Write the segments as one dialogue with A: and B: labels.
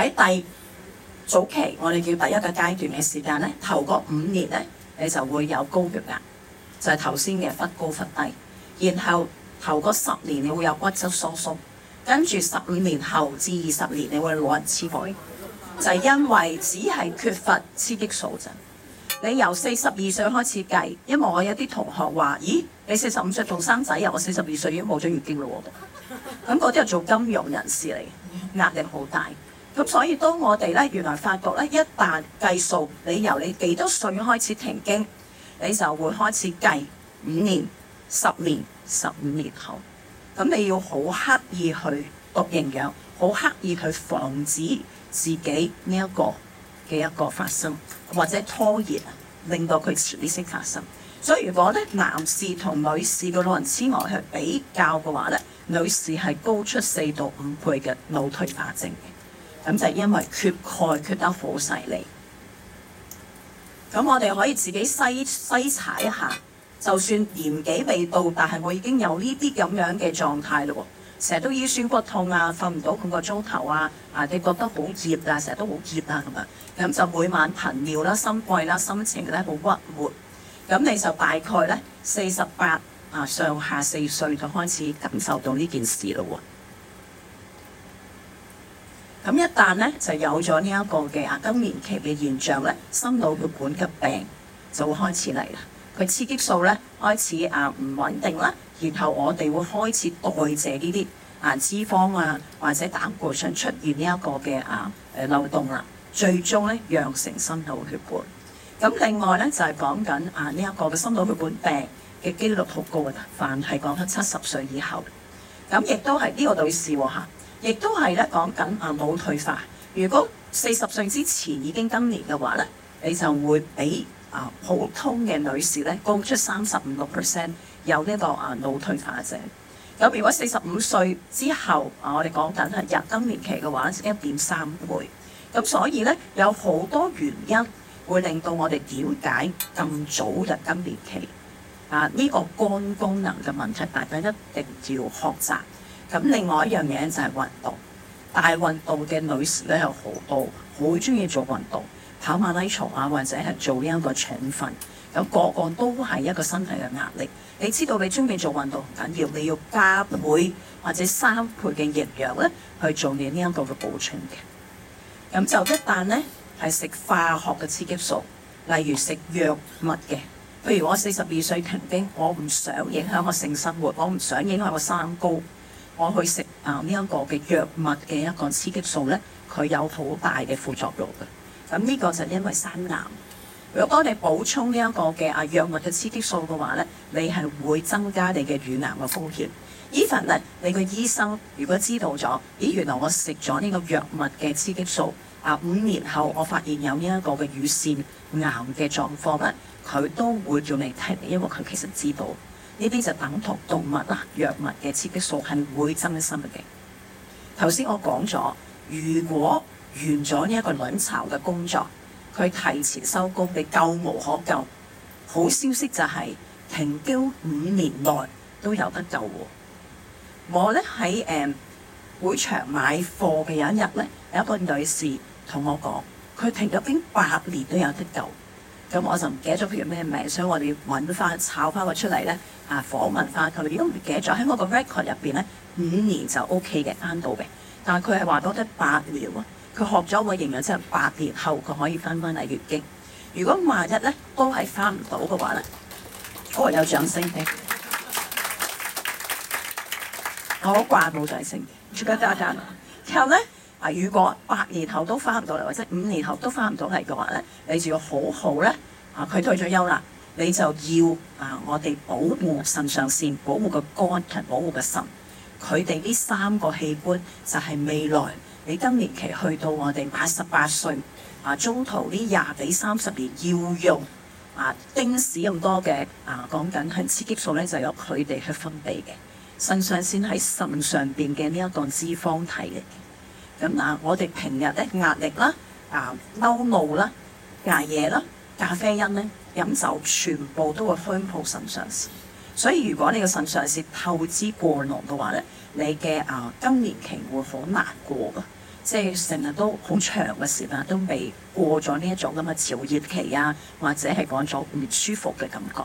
A: 喺第早期，我哋叫第一個階段嘅時間呢，頭個五年呢，你就會有高血壓，就係頭先嘅忽高忽低。然後頭個十年你會有骨質疏鬆，跟住十五年後至二十年你會老人痴呆，就係、是、因為只係缺乏雌激素啫。你由四十二歲開始計，因為我有啲同學話：咦，你四十五歲仲生仔，我四十二歲已經冇咗月經嘞喎。咁嗰啲係做金融人士嚟，壓力好大。咁所以當我哋咧，原來發覺咧，一旦計數，你由你幾多歲開始停經，你就會開始計五年、十年、十五年後，咁你要好刻意去讀營養，好刻意去防止自己呢一個嘅一個發生，或者拖延令到佢遲啲先發生。所以如果咧男士同女士嘅老人痴呆去比較嘅話咧，女士係高出四到五倍嘅腦退化症嘅。咁就係因為缺鈣缺得好犀利。咁我哋可以自己篩篩查一下，就算年紀未到，但係我已經有呢啲咁樣嘅狀態嘞喎，成日都腰酸骨痛啊，瞓唔到咁個鐘頭啊，啊你覺得好熱啊，成日都好熱啊咁樣，咁就每晚頻尿啦、心悸啦、啊、心情咧好鬱悶，咁你就大概咧四十八啊上下四歲就開始感受到呢件事嘞喎。咁一旦咧就有咗呢一個嘅更年期嘅現象咧，心腦血管疾病就會開始嚟啦。佢雌激素咧開始啊唔穩定啦，然後我哋會開始代謝呢啲啊脂肪啊或者膽固醇出現呢一個嘅啊、呃、漏洞啦，最終咧釀成心腦血管。咁另外咧就係講緊啊呢一個嘅心腦血管病嘅機率好高嘅，凡係講緊七十歲以後，咁亦都係呢個女士喎亦都係咧講緊啊腦退化。如果四十歲之前已經更年嘅話咧，你就會比啊普通嘅女士咧高出三十五個 percent 有呢個啊腦退化者。咁如果四十五歲之後啊，我哋講緊係入更年期嘅話，一點三倍。咁所以咧有好多原因會令到我哋瞭解咁早入更年期啊呢、這個肝功能嘅問題，大家一定要學習。咁另外一樣嘢就係運動，大運動嘅女士咧有好多好中意做運動，跑馬拉松啊，或者係做呢一個腸粉，咁個個都係一個身體嘅壓力。你知道你中意做運動唔緊要，你要加倍或者三倍嘅營養咧去做你呢一個嘅補充嘅。咁就一旦呢係食化學嘅雌激素，例如食藥物嘅，譬如我四十二歲曾經，我唔想影響我性生活，我唔想影響我身高。我去食啊呢、這個、一個嘅藥物嘅一個雌激素呢，佢有好大嘅副作用嘅。咁、啊、呢、這個就因為生癌。如果我你補充呢一個嘅啊藥物嘅雌激素嘅話呢，你係會增加你嘅乳癌嘅風險。Even 呢，你嘅醫生如果知道咗，咦原來我食咗呢個藥物嘅雌激素啊，五年後我發現有呢一個嘅乳腺癌嘅狀況咧，佢都會用嚟聽你，因為佢其實知道。呢啲就等同動物啊、藥物嘅雌激素係會增生嘅。頭先我講咗，如果完咗呢一個卵巢嘅工作，佢提前收工，你救無可救。好消息就係、是、停經五年內都有得救喎。我咧喺誒會場買貨嘅有一日咧，有一個女士同我講，佢停咗啲八年都有得救。咁我就唔記得咗佢叫咩名，所以我哋要揾翻、炒翻佢出嚟咧，啊訪問翻佢。如果唔記得咗喺我個 record 入邊咧，五年就 OK 嘅翻到嘅。但係佢係話多得八年喎，佢學咗個營養之後，八年後佢可以翻返嚟月經。如果萬一咧都係翻唔到嘅話咧、哦謝，我有掌聲嘅，我掛冇掌聲。出街得阿丹，請咧。啊！如果八年後都翻唔到嚟，或者五年後都翻唔到嚟嘅話咧，你就要好好咧。啊，佢退咗休啦，你就要啊，我哋保護腎上腺、保護個肝、保護個腎。佢哋呢三個器官就係未來你更年期去到我哋八十八歲啊，中途呢廿幾三十年要用啊，丁屎咁多嘅啊，講緊係雌激素咧就係由佢哋去分泌嘅，腎上腺喺腎上邊嘅呢一個脂肪體嚟嘅。咁嗱，我哋平日咧壓力啦、啊、呃、嬲怒啦、捱夜啦、咖啡因咧、飲酒，全部都會分薄腎上腺。所以如果你個腎上腺透支過量嘅話咧，你嘅啊更年期會好難過嘅，即係成日都好長嘅時間都未過咗呢一種咁嘅潮熱期啊，或者係講咗唔舒服嘅感覺。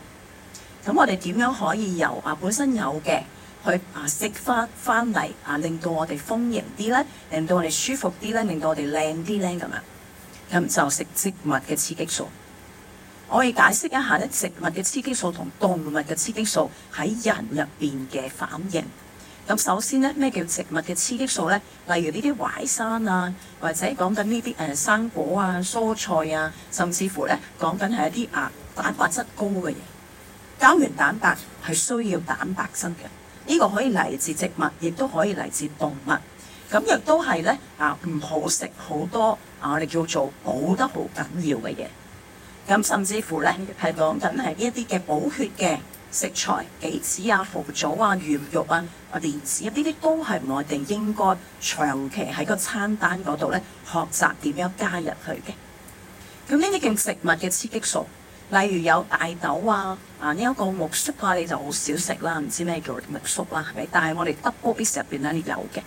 A: 咁我哋點樣可以由啊本身有嘅？佢啊，食翻翻嚟啊，令到我哋豐盈啲咧，令到我哋舒服啲咧，令到我哋靚啲咧咁樣。咁就食植物嘅雌激素。我哋解釋一下咧，植物嘅雌激素同動物嘅雌激素喺人入邊嘅反應。咁首先咧，咩叫植物嘅雌激素咧？例如呢啲淮山啊，或者講緊呢啲誒生果啊、蔬菜啊，甚至乎咧講緊係一啲啊蛋白質高嘅嘢，膠原蛋白係需要蛋白質嘅。呢個可以嚟自植物，亦都可以嚟自動物。咁亦都係咧啊，唔好食好多啊！我哋叫做補得好緊要嘅嘢。咁甚至乎咧係講緊係一啲嘅補血嘅食材，杞子啊、腐棗啊、魚肉啊、蓮子啊呢啲都係我哋應該長期喺個餐單嗰度咧學習點樣加入去嘅。咁呢啲叫食物嘅雌激素。例如有大豆啊，啊呢一、這個木薯啊，你就好少食啦，唔知咩叫木薯啦、啊，係。但係我哋 double base 入邊咧有嘅。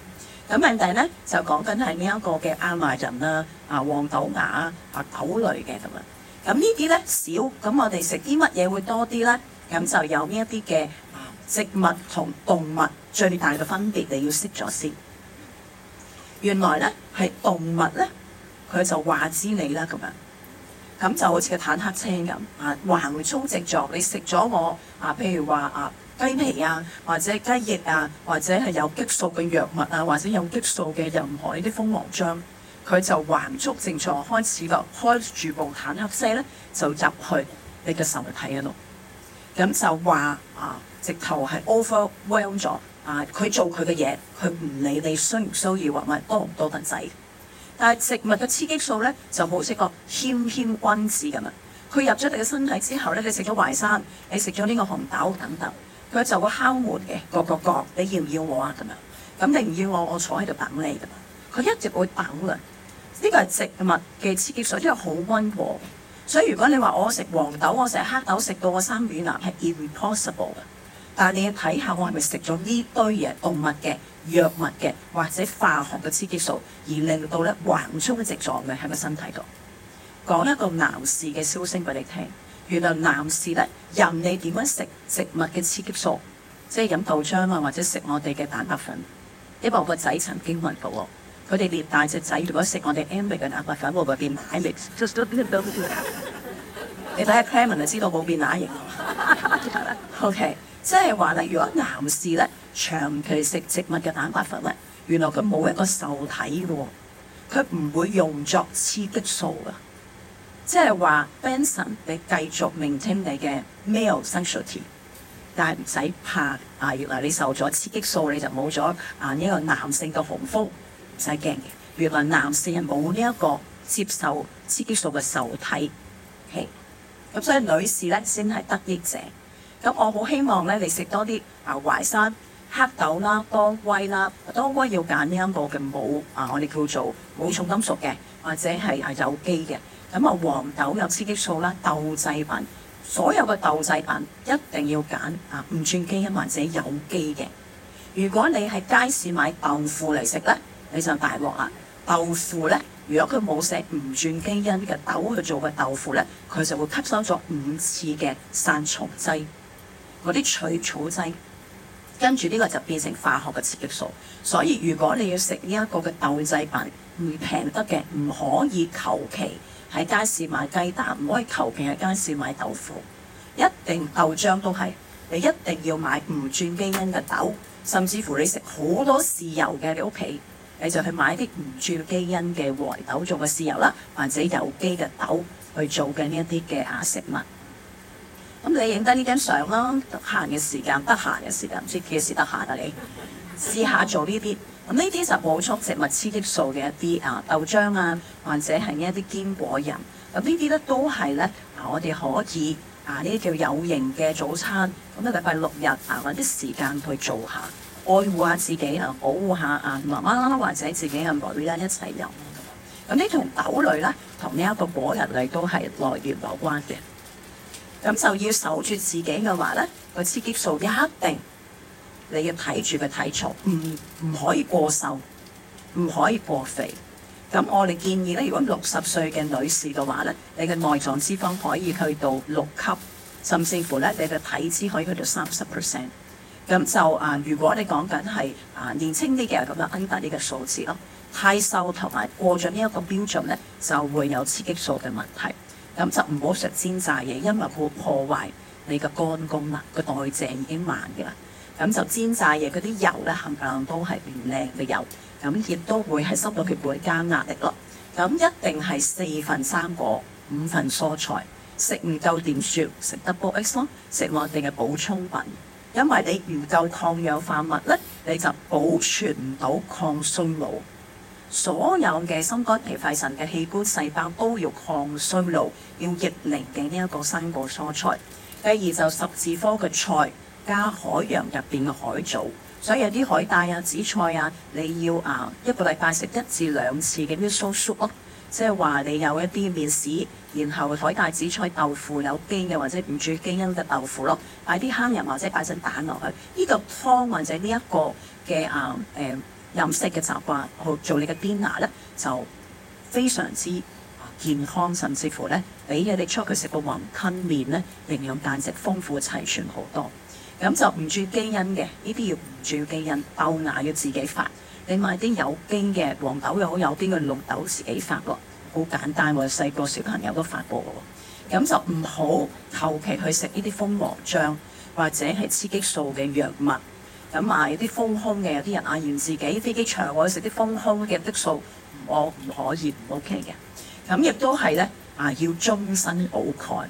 A: 咁問題咧就講緊係呢一個嘅亞麻仁啦、啊，啊黃豆芽啊、豆類嘅咁樣。咁呢啲咧少，咁我哋食啲乜嘢會多啲咧？咁就有呢一啲嘅植物同動物最大嘅分別你要識咗先。原來咧係動物咧，佢就話知你啦咁樣。咁就好似個坦克車咁，啊橫衝直撞。你食咗我啊，譬如話啊雞皮啊，或者雞翼啊，或者係有激素嘅藥物啊，或者有激素嘅任何呢啲蜂王漿，佢就橫衝直撞開始咯，開住部坦克車咧就入去你嘅受體嗰度。咁就話啊，直頭係 overwhelm 咗啊！佢做佢嘅嘢，佢唔理你需唔需要，或者多唔多騰仔。但係植物嘅雌激素咧就好似個謙謙君子咁樣。佢入咗你嘅身體之後咧，你食咗淮山，你食咗呢個紅豆等等，佢就會敲門嘅，個個個你要唔要我啊咁樣？咁你唔要我，我坐喺度等你咁嘛。佢一直會等㗎。呢個係植物嘅雌激素，都係好溫和。所以如果你話我食黃豆，我食黑豆，食到我生乳癌係 impossible 嘅。但你要睇下我係咪食咗呢堆嘢，動物嘅、藥物嘅、或者化學嘅雌激素，而令到咧橫衝直撞嘅喺個身體度。講一個男士嘅消息俾你聽，原來男士咧任你點樣食植物嘅雌激素，即係飲豆漿啊，或者食我哋嘅蛋白粉。因為我個仔曾經問過我，佢哋連大隻仔如果食我哋 m 嘅蛋白粉會唔會變乸？Don t, don t 你睇下 c l a m a 就知道冇變乸型 O K。即係話啦，如果男士咧長期食植物嘅蛋白粉，咧，原來佢冇一個受體嘅，佢唔會用作雌激素嘅。即係話，Benson，你繼續明稱你嘅 male sensitivity，但係唔使怕啊！原來你受咗雌激素，你就冇咗啊呢個男性嘅雄風，唔使驚嘅。原來男性係冇呢一個接受雌激素嘅受體。咁、okay? 所以女士咧先係得益者。咁我好希望咧，你食多啲啊，淮山、黑豆啦、當歸啦。當歸要揀呢一個嘅冇啊，我哋叫做冇重金屬嘅，或者係係有機嘅。咁啊，黃豆有雌激素啦，豆製品，所有嘅豆製品一定要揀啊，唔轉基因或者有機嘅。如果你喺街市買豆腐嚟食咧，你就大鑊啊！豆腐咧，如果佢冇寫唔轉基因嘅豆去做嘅豆腐咧，佢就會吸收咗五次嘅殺蟲劑。嗰啲除草劑，跟住呢個就變成化學嘅雌激素。所以如果你要食呢一個嘅豆製品，唔平得嘅，唔可以求其喺街市買雞蛋，唔可以求其喺街市買豆腐，一定豆漿都係，你一定要買唔轉基因嘅豆，甚至乎你食好多豉油嘅你屋企，你就去買啲唔轉基因嘅黃豆做嘅豉油啦，或者有機嘅豆去做嘅呢一啲嘅啊食物。咁你影低呢張相啦，得閒嘅時間，得閒嘅時間，唔知幾時得閒啊你？試下做呢啲，咁呢啲就補充植物雌激素嘅一啲啊，豆漿啊，或者係一啲堅果仁，咁呢啲咧都係咧，我哋可以啊呢叫有營嘅早餐，咁一禮拜六日啊揾啲時間去做下，愛護下自己護下啊，保護下阿媽媽或者自己嘅女啦一齊飲。咁呢種豆類咧，同呢一個果仁類都係來源有關嘅。咁就要守住自己嘅話咧，個雌激素一定你要睇住嘅體重，唔、嗯、唔可以過瘦，唔可以過肥。咁我哋建議咧，如果六十歲嘅女士嘅話咧，你嘅內臟脂肪可以去到六級，甚至乎咧你嘅體脂可以去到三十 percent。咁就啊、呃，如果你講緊係啊年輕啲嘅人咁樣，恩達呢個數字咯、哦，太瘦同埋過咗呢一個標準咧，就會有雌激素嘅問題。咁就唔好食煎炸嘢，因為佢會破壞你嘅肝功能，個代謝已經慢嘅啦。咁就煎炸嘢，嗰啲油咧，冚唪唥都係唔靚嘅油，咁亦都會係濕到血管加壓力咯。咁一定係四份生果，五份蔬菜，食唔夠點算？食 Double X 咯，食我哋嘅補充品，因為你唔夠抗氧化物咧，你就保存唔到抗衰老。所有嘅心肝脾肺腎嘅器官細胞都要抗衰老，要逆齡嘅。呢一個生果蔬菜，第二就十字科嘅菜加海洋入邊嘅海藻，所以有啲海帶啊、紫菜啊，你要啊一個禮拜食一至兩次嘅 miso soup 咯，即係話你有一啲麵豉，然後海帶、紫菜、豆腐有機嘅或者唔煮基因嘅豆腐咯，啊，擺啲蝦仁或者擺陣蛋落去，呢、呢個湯或者呢一個嘅啊誒。呃飲食嘅習慣去做你嘅編牙咧，就非常之健康，甚至乎咧俾你哋出去食個雲吞麵咧，營養價值豐富齊全好多。咁就唔注基因嘅呢啲，要唔注基因，豆芽要自己發。你買啲有機嘅黃豆又好，有機嘅綠豆自己發咯，好簡單喎。我哋細個小朋友都發過的，咁就唔好求其去食呢啲蜂王漿或者係雌激素嘅藥物。咁買啲豐胸嘅，有啲人阿嫌自己飛機場，我要食啲豐胸嘅激素，我唔可以唔 OK 嘅。咁亦、嗯、都係咧，啊要終身補鈣。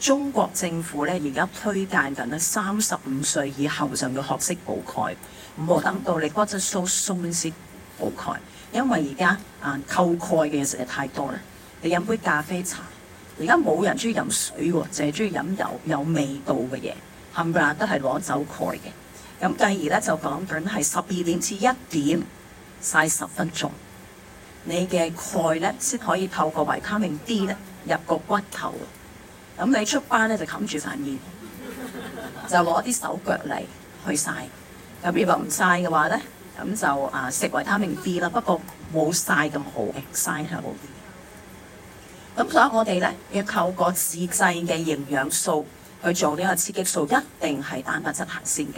A: 中國政府咧而家推介緊咧三十五歲以後就要學識補鈣。唔好諗到你骨質疏鬆先補鈣，因為而家啊扣鈣嘅嘢實在太多啦。你飲杯咖啡茶，而家冇人中意飲水喎，淨係中意飲有有味道嘅嘢，冚唪唥都係攞走鈣嘅。咁，第二咧就講緊係十二點至一點曬十分鐘，你嘅鈣咧先可以透過維他命 D 咧入個骨頭。咁你出班咧就冚住塊面，就攞啲 手腳嚟去曬。咁如果唔曬嘅話咧，咁就啊、呃、食維他命 D 啦。不過冇曬咁好，嘅，曬好啲。咁所以我哋咧要透過自製嘅營養素去做呢個刺激素，一定係蛋白質行先嘅。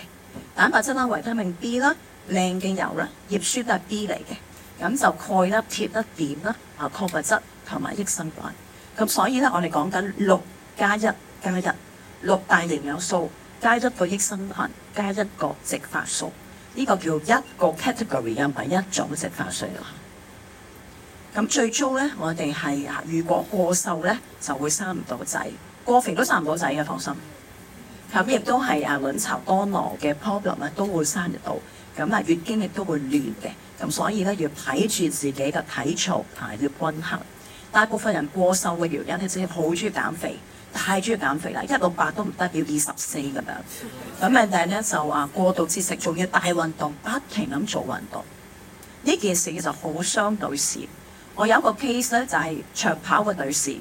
A: 蛋白質啦、維他命 B 啦、靚嘅油啦、葉酸都係 B 嚟嘅，咁就鈣啦、鐵啦、碘啦、啊礦物質同埋益生菌，咁所以咧我哋講緊六加一加一六大營養素加一個益生菌加一個植發素，呢個叫一個 category 啊，唔係一種植發水啦。咁最終咧，我哋係如果過瘦咧就會生唔到仔，過肥都生唔到仔嘅，放心。咁亦都係啊，卵巢多囊嘅 problem 咧，都會生入到咁啊。月經亦都會亂嘅，咁所以咧要睇住自己嘅體重，同埋要均衡。大部分人過瘦嘅原因係真係好中意減肥，太中意減肥啦，一六八都唔代表二十四咁樣。咁啊， 但係咧就話過度節食，仲要大運動，不停咁做運動呢件事就好傷、就是、女士。我有個 case 咧，就係長跑嘅女士，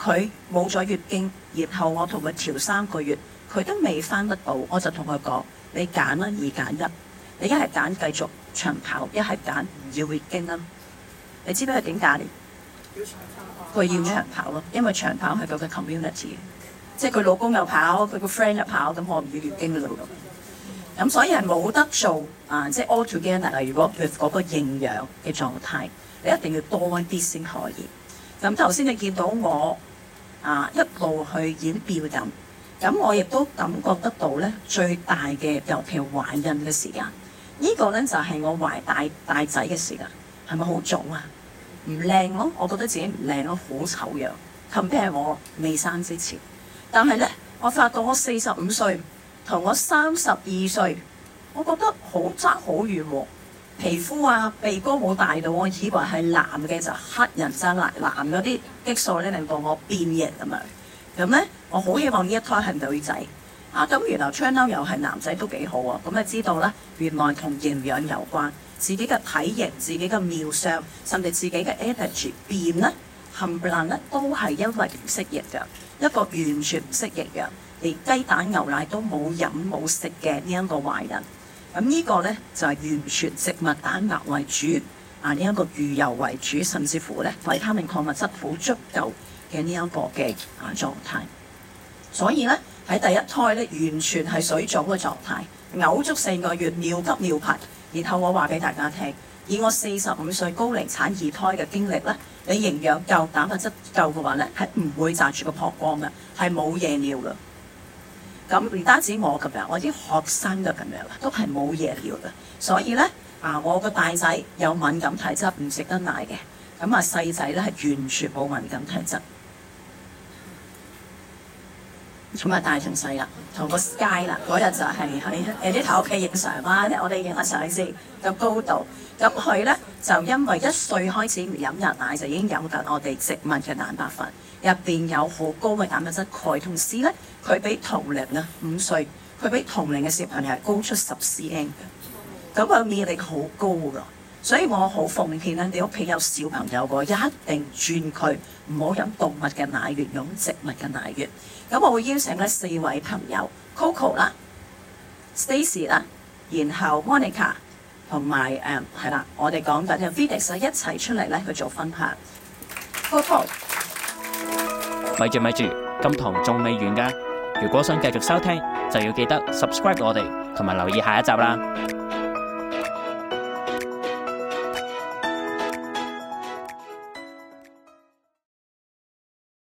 A: 佢冇咗月經，然後我同佢調三個月。佢都未翻得到，我就同佢講：你揀啦，二揀一。你一係揀繼續長跑，一係揀唔要月經啦。你知唔知佢點解？佢要長跑咯，因為長跑係佢嘅 community 嘅，即係佢老公又跑，佢個 friend 又跑，咁我唔要月經咯。咁、嗯、所以係冇得做啊！即係 all together。如果佢嗰個營養嘅狀態，你一定要多啲先可以。咁頭先你見到我啊，一路去演變咁。咁我亦都感覺得到咧，最大嘅尤其懷孕嘅時間，呢、呢個咧就係我懷大大仔嘅時間，係咪好早啊？唔靚咯，我覺得自己唔靚咯，好醜樣。compare 我未生之前，但係咧，我發覺我四十五歲同我三十二歲，我覺得好差好遠，皮膚啊、鼻哥冇大到，我以為係男嘅就係、黑人憎啊，男嗰啲激素咧令到我變型咁樣。咁呢，我好希望呢一胎係女仔啊！咁原來昌嬲又係男仔都幾好喎。咁啊知道啦，原來同營養有關，自己嘅體型、自己嘅苗相，甚至自己嘅 energy 變咧、冚唪唥咧，都係因為唔適應嘅。一個完全唔適應嘅，連雞蛋牛奶都冇飲冇食嘅呢一個壞人。咁呢個呢，就係、是、完全植物蛋白為主啊！呢、這、一個魚油為主，甚至乎呢，維他命礦物質好足夠。嘅呢一個嘅啊狀態，所以咧喺第一胎咧完全係水腫嘅狀態，嘔足四個月，尿急尿頻。然後我話俾大家聽，以我四十五歲高齡產二胎嘅經歷咧，你營養夠、蛋白質夠嘅話咧，係唔會揸住個膀胱嘅，係冇夜尿嘅。咁唔單止我咁樣，我啲學生就咁樣啦都係冇夜尿嘅。所以咧啊，我個大仔有敏感體質，唔食得奶嘅，咁啊細仔咧係完全冇敏感體質。咁啊大同細啦，同個街啦，嗰日就係喺誒啲同屋企影相啦，啲我哋影下相先，個高度咁佢咧就因為一歲開始唔飲人奶就已經飲緊我哋植物嘅蛋白粉，入邊有好高嘅蛋白質。佢同時咧佢比同齡啦五歲，佢比同齡嘅小朋友係高出十 cm 嘅，咁佢免疫力好高㗎。所以我好奉勸咧，你屋企有小朋友個，一定轉佢唔好飲動物嘅奶源，飲植物嘅奶源。咁我會邀請咧四位朋友，Coco 啦，Stacy 啦，然後 Monica 同埋誒係、嗯、啦，我哋講緊嘅 v i d e s 一齊出嚟咧去做分享。Coco，咪住咪住，今堂仲未完㗎。如果想繼續收聽，就要記得 subscribe 我哋，同埋留意下一集啦。